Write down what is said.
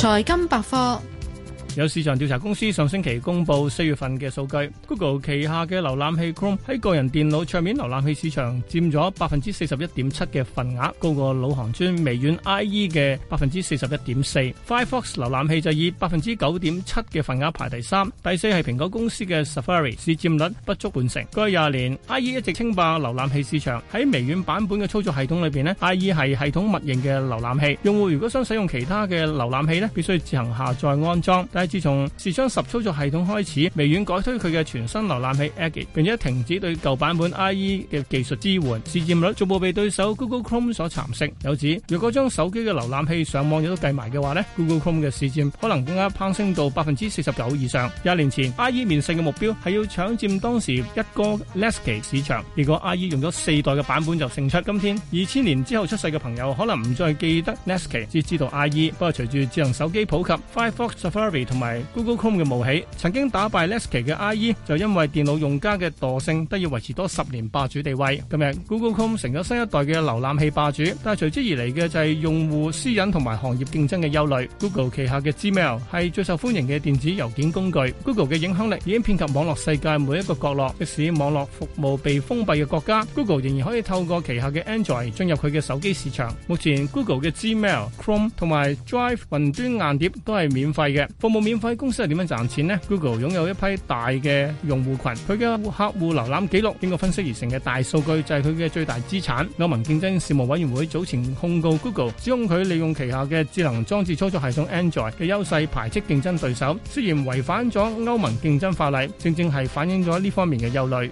財金百貨。有市場調查公司上星期公布四月份嘅數據，Google 旗下嘅瀏覽器 Chrome 喺個人電腦桌面瀏覽器市場佔咗百分之四十一點七嘅份額，高過老行尊微軟 IE 嘅百分之四十一點四。Firefox 瀏覽器就以百分之九點七嘅份額排第三，第四係蘋果公司嘅 Safari，市佔率不足半成。過去廿年，IE 一直稱霸瀏覽器市場。喺微軟版本嘅操作系統裏面，呢 IE 係系統默認嘅瀏覽器，用戶如果想使用其他嘅瀏覽器呢必須自行下載安裝。自從視窗十操作系統開始，微軟改推佢嘅全新瀏覽器 Edge，並且停止對舊版本 IE 嘅技術支援。市佔率逐步被對手 Google Chrome 所蠶食。有指如果將手機嘅瀏覽器上網亦都計埋嘅話呢 Google Chrome 嘅市佔可能更加攀升到百分之四十九以上。廿年前 IE 面世嘅目標係要搶佔當時一哥 Netscape 市場，結果 IE 用咗四代嘅版本就勝出。今天二千年之後出世嘅朋友可能唔再記得 Netscape 只知道 IE。不過隨住智能手機普及，Firefox、Safari。同埋 Google Chrome 嘅冒起，曾經打敗 Netscape 嘅 IE，就因為電腦用家嘅惰性，得以維持多十年霸主地位。今日 Google Chrome 成咗新一代嘅瀏覽器霸主，但係隨之而嚟嘅就係用戶私隱同埋行業競爭嘅憂慮。Google 旗下嘅 Gmail 係最受歡迎嘅電子郵件工具。Google 嘅影響力已經遍及網絡世界每一個角落，即使網絡服務被封閉嘅國家，Google 仍然可以透過旗下嘅 Android 進入佢嘅手機市場。目前 Google 嘅 Gmail、Chrome 同埋 Drive 雲端硬碟都係免費嘅免費公司係點樣賺錢呢？Google 擁有一批大嘅用戶群，佢嘅客戶瀏覽記錄經過分析而成嘅大數據就係佢嘅最大資產。歐盟競爭事務委員會早前控告 Google，指控佢利用旗下嘅智能裝置操作系統 Android 嘅優勢排斥競爭對手，雖然違反咗歐盟競爭法例，正正係反映咗呢方面嘅憂慮。